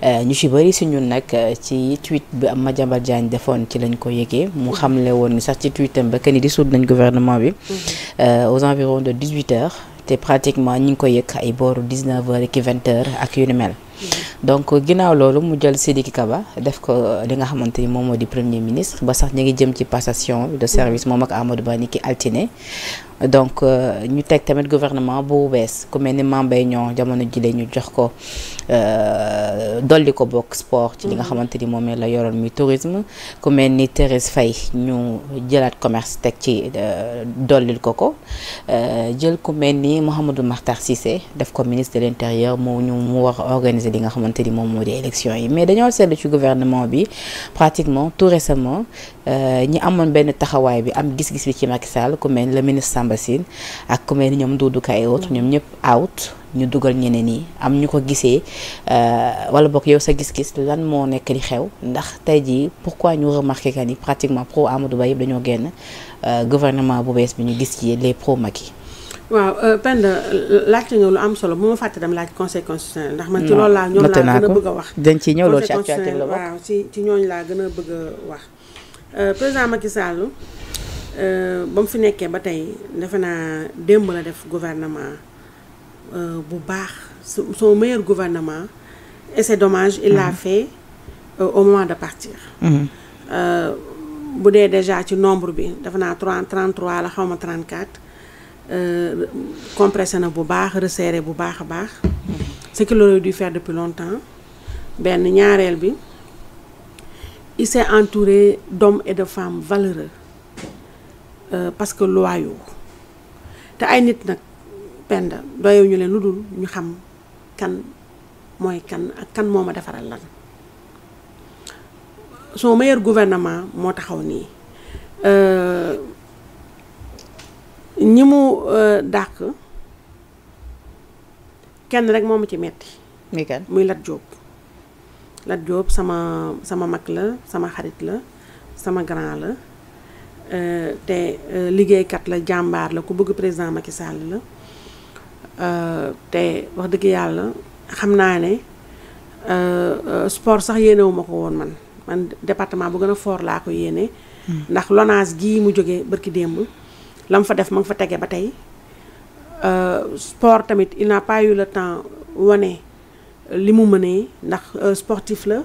Euh, ñu ci bëri si ñun nag euh, ci tweet bi am Madiambal Diagne defoon ci lañ ko yëgee mu mhm. xamle woon ni sax ci tweetam ba que ni dissout nañ gouvernement bi mhm. euh, aux environs de 18 heures te pratiquement ñu ngi ko yëg ay booru 19 heures ki 20 ak yu ni mel mhm. donc ginnaaw loolu mu jël Sidiki ba def ko li nga xamante ni moom moo di premier ministre ba sax ñu ngi jëm ci passation de service moom ak Amadou Ba ni ki altine donc ñu teg tamit gouvernement bu bees ku mel ni Mame Mbaye Niang jamono ji ñu jox ko dolli ko bokk sport ci li nga xamante moom moomee la yoroon mi tourisme ku mel ni Thérèse Faye ñu jëlaat commerce teg ci euh, dollil ko ko euh, jël ku mel ni Mouhamadou Makhtar sise def ko ministre de l'intérieur moo ñu mu wax organiser li nga xamante ni moom moo di élection yi mais dañoo seetlu ci gouvernement bi pratiquement tout récemment Euh, ñi amoon benn taxawaay bi am gis-gis bi ci Macky Sall ku mel ni le ministre Samba Sine ak ku ñoom Doudou Ka et autres mm-hmm. ñoom ñëpp out ñu dugal ñeneen yi am ñu ko gisee euh, wala bokk yow sa gis-gis lan moo nekk di xew ndax tey jii pourquoi ñu remarqué que ni pratiquement pro Amadou Ba yëpp dañoo génn euh, gouvernement bu bees bi ñu gis ci les pro Macky. waaw Penda laajte nga am solo bu ma fàtte laaj conseil constitutionnel ndax man ci loolu laa a a wax dañ ci ñëw loolu ci actualité la bokk waaw ci ñooñu laa gën a bëgg a wax Euh, président Macky Sall euh, ba mu fi nekkee ba tey defe naa démb la def gouvernement euh, bu baax soo meilleur gouvernement et c'est dommage il l'a mm-hmm. fait au moment de partir mm-hmm. bu dee déjà ci nombre bi dafa naa 3 33 la xaw ma 34 compressé na bu baax resserré bu baax a baax mm-hmm. ce qu'il aurait dû faire depuis longtemps benn ñaareel bi il s'est entouré d'hommes et de femme valeureux euh, parce que loyaux te ay nit nag pend doyew ñu leen lu dul ñu xam kan mooy kan ak kan moo ma defaral lan soo meilleur gouvernement moo taxaw nii euh, ñi mu euh, dàq kenn rek moo ma ci metti muy Lat Diop Lat Diop sama sama mag la sama xarit la sama grand la euh, te euh, liggéeykat la jàmbaar la ku bëgg président Macky Sall la euh, te wax dëgg yàlla xam naa ne sport sax yéenewu ma ko woon man man département bu gën a fort laa ko yéene. Hmm. ndax LONASE gii mu jóge bërki démb lam fa def ma nga fa tege ba tey sport tamit il n'a pas le temps wane. li mu mënee ndax euh, sportif la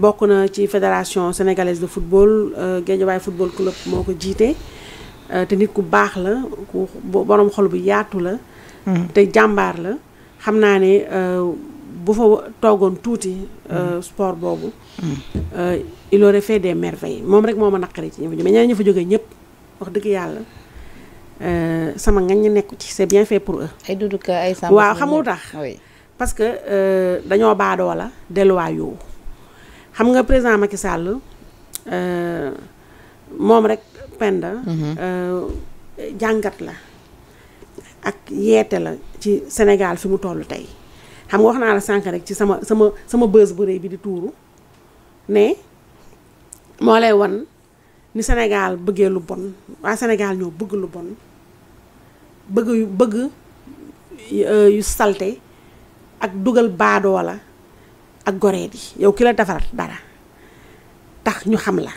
bokk na ci fédération sénégalaise de football euh, Guédiawaye football club moo ko jiite euh, te nit ku baax la ku borom xol bu yaatu la. Mm-hmm. te jàmbaar la xam naa ne bu fa toogoon tuuti. Mm-hmm. sport boobu. Mm-hmm. il aurait fait des merveilles moom rek moo ma naqari ci ñëw mais ñeneen ñu jógee ñëpp wax dëgg yàlla. sama ngañ ñu nekku ci c'est bien fait pour eux. ay duduka ay sàmm waaw xamul parce que euh, dañoo baadoo la delluwaay yow xam nga président Macky Sall euh, moom rek penda mhm. euh, jàngat la ak yeete la ci Sénégal fi mu toll tey xam nga wax naa la sànq rek ci sama sama sama bës bu rëy bi di tuuru ne moo lay wan ni Sénégal bëggee lu bon waa Sénégal ñoo bëgg lu bon bëgg yu bëgg yu salte ak dugal baadoola ak goree yow ki la defaral dara tax ñu xam la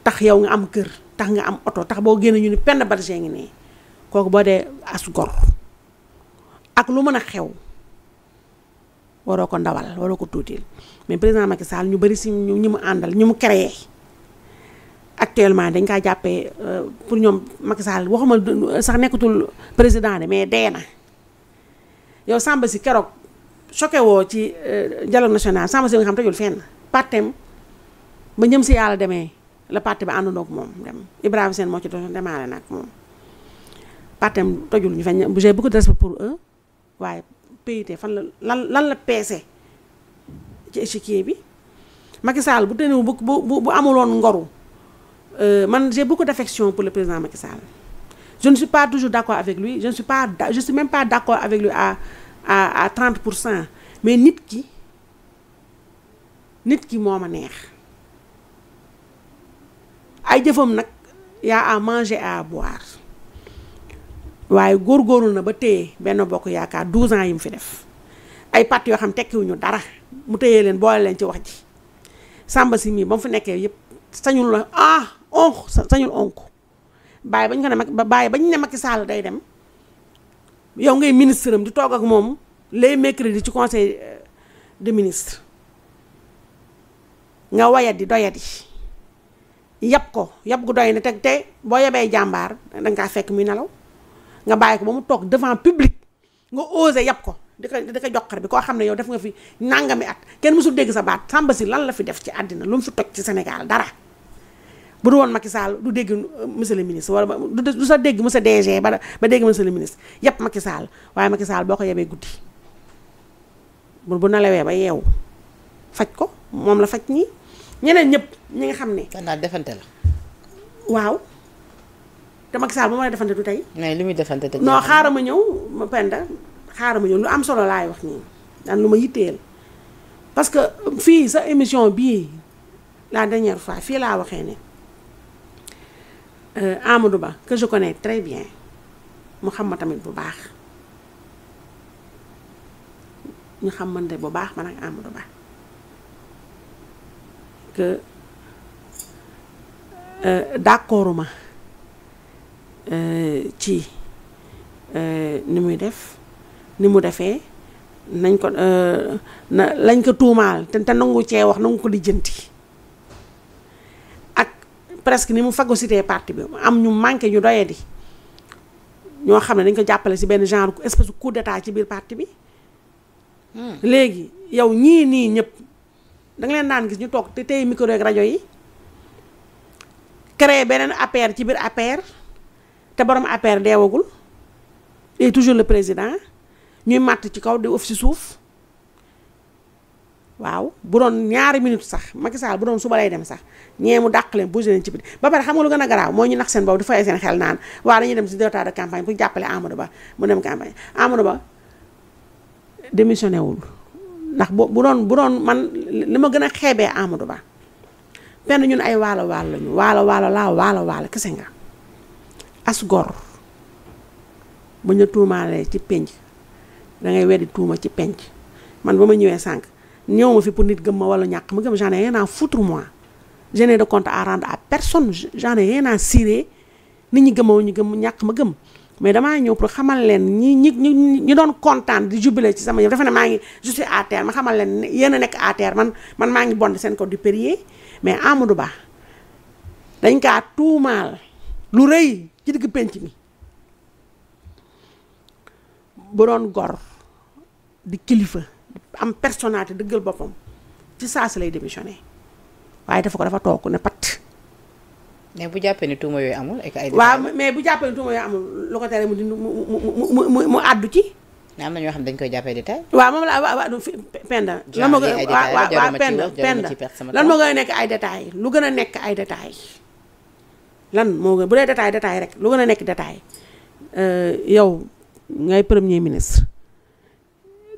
tax yow nga am kër tax nga am oto tax boo génne ñu ni penn barge ngi ne kooku boo dee as gor ak lu mën a xew waroo ko ndawal waroo ko tuutil mais président Macky Sall ñu bëri si ñu mu àndal ñu mu créé actuellement dañ kaa jàppee euh, pour ñoom Macky waxuma sax nekkatul président de mais dee na yow Samba si keroog. choqué woo ci euh, dialogue national sama si nga xam tëjul fenn partem ba ñëm si yàlla demee la parti ba àndandoo ak moom dem Ibrahima seen moo ci doon démarré nag moom partem tojul ñu fañ j'ai beaucoup de des pour waaye PIT fan la lan la peese ci échiquier bi Macky Sall bu tënewu bu bu bu amuloon ngoru euh, man j'ai beaucoup d'affection pour le président Macky Sall je ne suis pas toujours d'accord avec lui je ne suis pas je même pas d'accord avec lui à à à trente pour cent mais nit ki nit ki moom a neex ay jëfam nag yaa à manger à boire waaye góor góorul na ba téye benn bokk yaakaar douze ans yi mu fi def ay pat yoo xam tekkiwuñu dara mu téyee leen boole leen ci wax ji sàmba si mii ba mu fi nekkee yëpp sañul la ah onk sañul onk bàyyi bañ ko ne mag bàyyi bañ ne Macky Sall day dem yow ngay ministre am di toog ak moom lay mercredi ci conseil euh, de ministre nga wayat di doyati yab ko yab gu doy na teg te boo yabee jàmbaar danga kaa fekk muy nelaw nga bàyyi ko ba mu toog devant public nga ose yab ko di ko di ko joxar bi koo xam ne yow def nga fi nangami at kenn mësul dégg sa baat sàmba si lan la fi def ci àddina lu mu fi toj ci Sénégal dara bu du woon Macky Sall du dégg euh, monsieur le ministre wala du sa dégg monsieur DG ba ba dégg monsieur le ministre yëpp Macky Sall waaye Macky Sall boo ko yebee guddi bu bu ba yeewu faj ko moom la faj ñi ñeneen ñëpp ñi nga xam ne. daal defante la. waaw te Macky Sall bu ma la defante du tey. mais li muy defante te. non xaaral ma ñëw ma penda xaaral ma ñëw lu am solo laay wax nii daan lu ma yitteel parce que fii sa émission bii la dernière fois fii laa waxee ne. Euh, Amadou Ba que je connais très bien mu xam ma tamit bu baax ñu xamante bu baax man ak Amadou Ba que euh, d'accord ma euh, ci ni muy def ni mu defee nañ ko na lañ ko tuumaal te te nangu cee wax nangu ko lijjanti presque ni mu fago phagocyté parti bi am ñu manqué ñu doyee di ñoo xam ne dañ ko jàppale si benn genre espèce de coup d'état ci biir parti bi hmm. léegi yow ñii nii ñëpp danga leen daan gis ñu toog te tey micro ak rajo yi créer beneen APR ci biir APR te borom APR deewagul et toujours le président ñuy màtt ci kaw di ëf ci suuf waaw bu doon ñaari minute sax Macky Sall bu doon suba lay dem sax ñee mu dàq leen bougé leen ci biti ba pare xam nga lu gën a garaaw mooy ñu nax seen boobu di fay seen xel naan waa dañuy dem si directeur de campagne pour jàppale Amadou Ba mu dem campagne Amadou Ba démissionné wul ndax bu bu doon bu doon man li ma gën a xeebee Amadou Ba penn ñun ay waalo waalo lañu waalo waalo laa waalo waalo kese nga as gor bu ñu tuumaalee ci penc dangay ngay weddi tuuma ci penc man ba ma ñëwee sànq. ñëw ma fi pour nit gëm ma wala ñàkk ma gëm j'en ai rien à foutre mois je n'ai de compte à rendre à personne j'en ai rien à cirer nit ñi gëmaw ñu gëm ñàkk ma gëm mais damaa ñëw pour xamal leen ñi ñi ñi ñi doon kontaan di jubilé ci sama yëf dafa ne maa ngi je suis ma xamal leen yéen a nekk à man maa ngi bond seen ko du périer mais Amadou Ba dañ kaa tuumaal lu rëy ci digg penc mi bu doon gor di kilifa am personnalité dëggal boppam ci saa si lay démissionné waaye dafa ko dafa toog ne pat. mais bu jàppee ni tuuma yooyu amul ak ay. waaw mais bu jàppee ni tuuma yooyu amul lu mu dindi mu mu mu mu àddu ci. am na ñoo xam dañ koy jàppee di tay waaw moom la waaw waaw Penda. lan moo koy waaw lan moo koy nekk ay détails lu gën a nekk ay détails lan moo gën bu dee détail rek lu a nekk détail euh, yow ngay premier ministre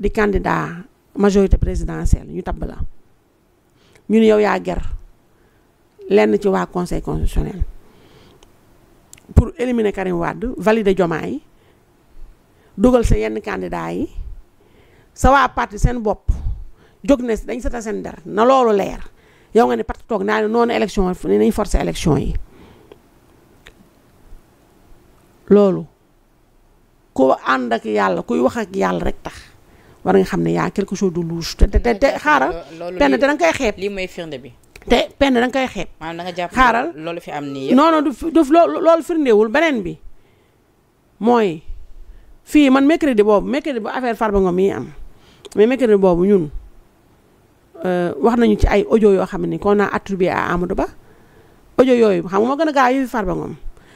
di candidat. majorité présidentielle ñu tabb la ñu ne yow yaa ger lenn ci waa conseil constitutionnel pour éliminer Karim Wade valider yi dugal sa yenn candidat yi sa waa parti seen bopp jóg ne dañ seta seen dara na loolu leer yow nga ne parti toog naa ne noonu élection ne nañ forcer élection yi loolu ku ànd ak yàlla kuy wax ak yàlla rek tax war nga xam ne yaa quelque chose de louche te te te xaaral penn te danga koy xeeb lii mooy firnde bi te penn danga koy xeeb maanaam danga jàpp xaaral loolu fi am nii non non daf loolu firndewul beneen bi mooy fii man mercredi boobu mercredi bu affaire Farba Ngom yi am mais mercredi boobu ñun euh, wax nañu ci ay audio yoo xam ne qu'on a attribué à Amadou Ba audio yooyu xam nga moo gën a gaaw yëfi Farba Ngom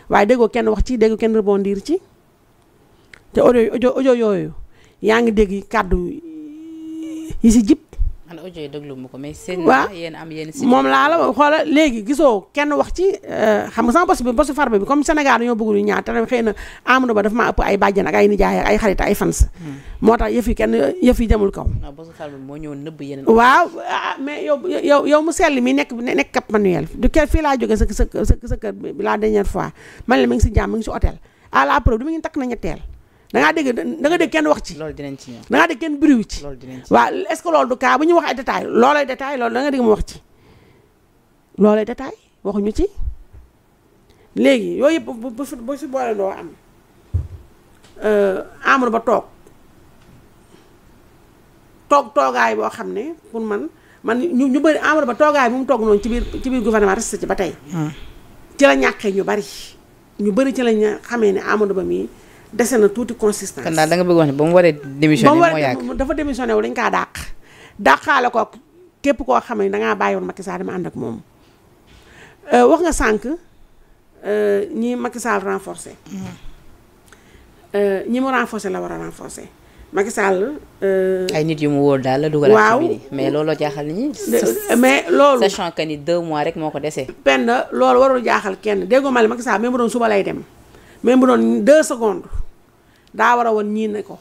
waaye déggoo kenn wax ci déggoo kenn diir ci te audio audio yooyu yaa ngi dégg kàddu yi si jib. man audio yi déglu ma ko mais seen. waaw yéen am yéen si. moom laa la xoola léegi gisoo kenn wax ci euh, xam nga sama bos bi bosu farba bi comme Sénégal dañoo bëgg lu ñaar te xëy na Amadou Ba dafa maa ëpp ay bàjjen ak ay nijaay ak ay xarit ay fans. Hmm. moo tax yëf yi kenn yëf yi demul kaw. waaw bosu moo ñëw nëbb yeneen. waaw ah, mais yow yow yow mu sell mi nekk nekk Cap Manuel du kenn fii laa jógee sa sa sa kër la dernière fois man la mi ngi si jàmm mi ngi si hôtel à la preuve du mi ngi takk na ñetteel. da dégg da nga dégg kenn wax ci. loolu dinañ ci ñëw da ngaa dégg kenn biriwu ci. loolu dinañ ci waaw est loolu du cas bu ñuy wax ay détails loolay détail loolu da nga dégg mu wax ci. loolay détail waxuñu ci léegi yooyu yëpp bu bu bu si boole doo am euh, amul ba toog toog toogaay boo xam ne pour man man ñu ñu bëri amul ba toogaay bu mu toog noonu ci biir ci biir gouvernement resté ba tey. Hmm. ci la ñàkkee ñu bari. ñu bëri ci la ñu xamee ne amul ba mii. dese na tuuti consistance. kon daal da nga bëgg wax ne ba mu waree démissionné moo yàgg dafa démissionné wu dañ kaa dàq. dàqaale ko képp koo xam ni da ngaa bàyyi woon Macky Sall dama ànd ak moom euh, wax nga sànq euh, ñi Macky Sall renforcé. Mm-hmm. Euh, ñi mu renforcé la war a renforcé. Macky ay nit yu mu wóor daal la dugal. waaw mais looloo jaaxal nit ñi. mais loolu sachant que ni deux mois rek moo ko dese. penn loolu warul jaaxal kenn déggoo ma ne Macky Sall même bu doon suba lay dem même doon deux secondes. daa war a woon ñii ne ko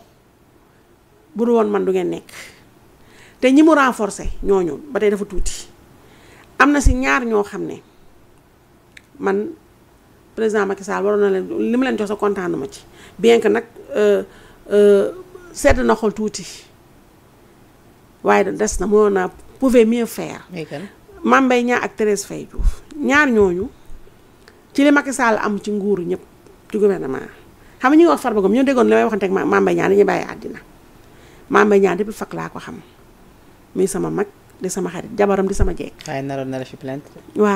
bu dul woon man du ngeen nekk te ñi mu renforcer ñooñu ba tey dafa tuuti am na si ñaar ñoo xam ne man président Macky Sall waroon na leen li mu leen jox sa kontaanu ma ci bien que nag euh, euh, sedd na xol tuuti waaye da des na mënoon naa pouvait mieux faire. Mame Mbaye Niang ak Thérèse Faye Diouf ñaar ñooñu ci li Macky Sall am ci nguur ñëpp ci gouvernement xam nga ñu ngi wax Farba Ngom ñoo déggoon li may waxante ak Mame Mbaye Niang dañuy bàyyi àddina Mame Mbaye xam muy sama mag di sama xarit di sama jeeg. waaye naroon na la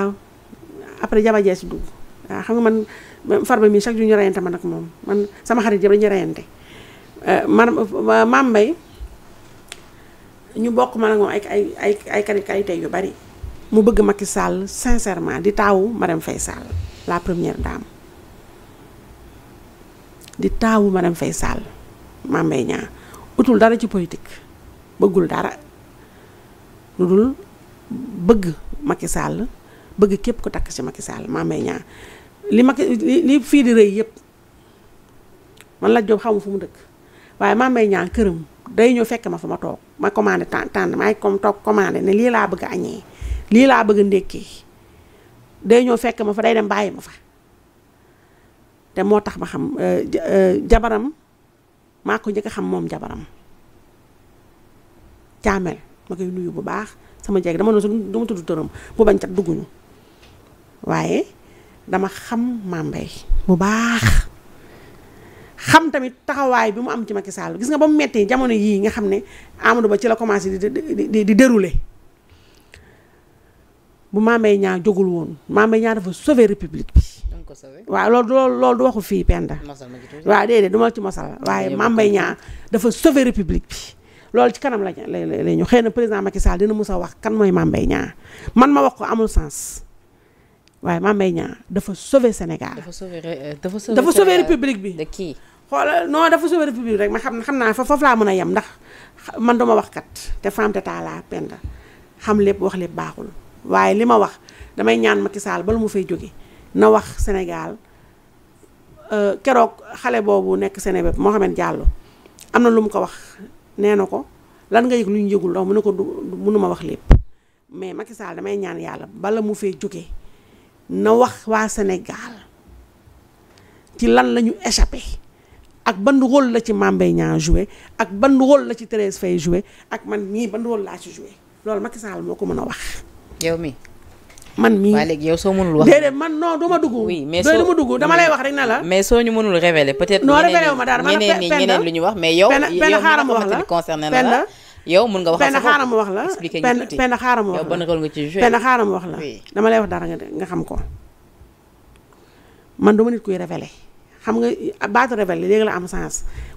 après jaba jee si dugg xam nga man Farba mi chaque jour ñu reyante man ak moom man sama xarit yëpp dañuy reyante euh, man Mame ñu bokk ma na moom ay ay ay ay qualité yu bari mu bëgg Macky Sall sincèrement di taawu Marème fay Sall la première dame. di taawu madame fay Sall Mame Mbaye Niang utul dara ci politique bëggul dara lu dul bëgg Macky sàll bëgg képp ku takk ci Macky Sall Mame Mbaye Niang li Macky li fii di rëy yëpp man la Diop xamu fu mu dëkk waaye Mame Mbaye Niang këram day ñëw fekk ma fa ma toog ma commandé tànn tànn maay comme toog commandé ne lii laa bëgg añee lii laa bëgg ndékkee day ñëw fekk ma fa day dem bàyyi ma fa moo tax ma xam euh, euh, jabaram maa ko njëkk xam moom jabaram caamel ma koy nuyu bu baax sama jeeg dama noonu su du ma tudd tëram bu bañ dugguñu waaye dama xam mbay bu baax xam tamit taxawaay bi mu am ci Macky Sall gis nga ba mu mettee jamono yii nga xam ne Amadou Ba ci la commencé di di di dérouler bu Mame Mbaye Niang jógul woon Mame Mbaye Niang dafa sauver république bi waaw loolu loolu loolu du waxu fii Penda waaw déedéet du ma ci mosal waaye Mame Mbaye Niang dafa sauver république bi loolu ci kanam la lay ñu xëy na président Macky Sall dina mës a wax kan mooy Mame Mbaye man ma wax ko amul sens waaye Mame Mbaye Niang dafa sauver Sénégal dafa sauver euh, république bi xoolal non dafa sauver république rek ma xam xam naa fa foofu laa mën a yem ndax man duma wax kat te femme d'état laa xam lépp wax lépp baaxul waaye li ma wax damay ñaan Macky Sall bala mu fay jóge na wax Sénégal euh, keroog xale boobu nekk Sénégal Mohamed Diallo am na lu mu ko wax nee na ko lan nga yëg lu ñu yëgul donc mu ne ko du mënuma wax lépp mais Macky Sall damay ñaan yàlla bala mu fee jóge na wax waa Sénégal ci lan lañu ñu ak ban rôle la ci Mame Mbaye Niang joué ak ban rôle la ci Thérèse Faye joué ak man ñii ban rôle laa ci joué loolu Macky Sall moo ko mën a wax. yow mi man mii waaye léegi soo mënul wax déedéet man non du ma dugg oui mais soo dama lay wax rek na la mais soo ñu mënul révéler peut-être non révélé wu ma dara man ñeneen ñi ñeneen lu ñu wax mais yow yow xaaral ma wax la concerné na la yow mën nga wax penn xaaral ma wax la expliqué ñu tuuti penn xaaral ma wax la nga ci joué penn xaaral dama lay wax dara nga xam ko man du nit kuy révélé xam nga baatu révélé léegi la am sens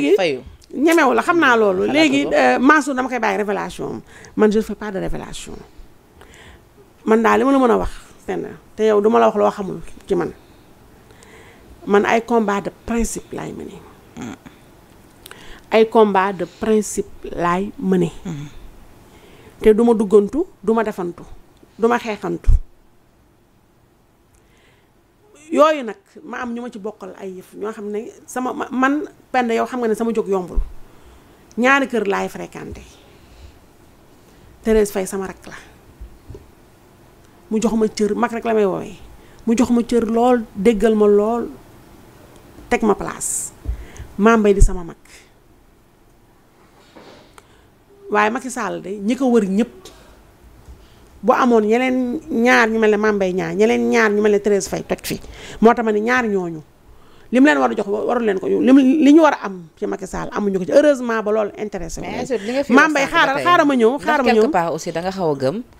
léegi fayu la xam naa loolu léegi euh, maso dama koy bàyyi révélation man je ne fais de révélation man daal li ma la mën a wax ten te yow duma la wax loo xamul ci man man ay combat de principe laay mëne ay combat de principe laay mëne mm-hmm. te duma duggantu duma defantu duma xeexantu yooyu nag ma am ñu ma ci bokkal ay yëf ñoo xam ne sama man pend yow xam nga ne sama jóg yombul ñaari kër laay fréquenté Thérèse Faye sama rak la mu jox ma cër mag rek la may woowee mu jox ma cër lool déggal ma lool teg ma place maa mbay di sama mag waaye Macky Sall de ñi ko wër ñépp bu amoon ñeneen ñaar ñu mel ne Mambay ñaar ñeneen ñaar ñu mel ne Thérèse fay toj fi moo tax ma ne ñaar ñooñu mu leen war a jox warul leen ko lim li ñu war a am ci Macky Sall amuñu ko ci heureusement ba loolu intéressé wu. Mambay xaaral xaaral ma ñëw xaaral ma ñëw. quelque part aussi da xaw gëm.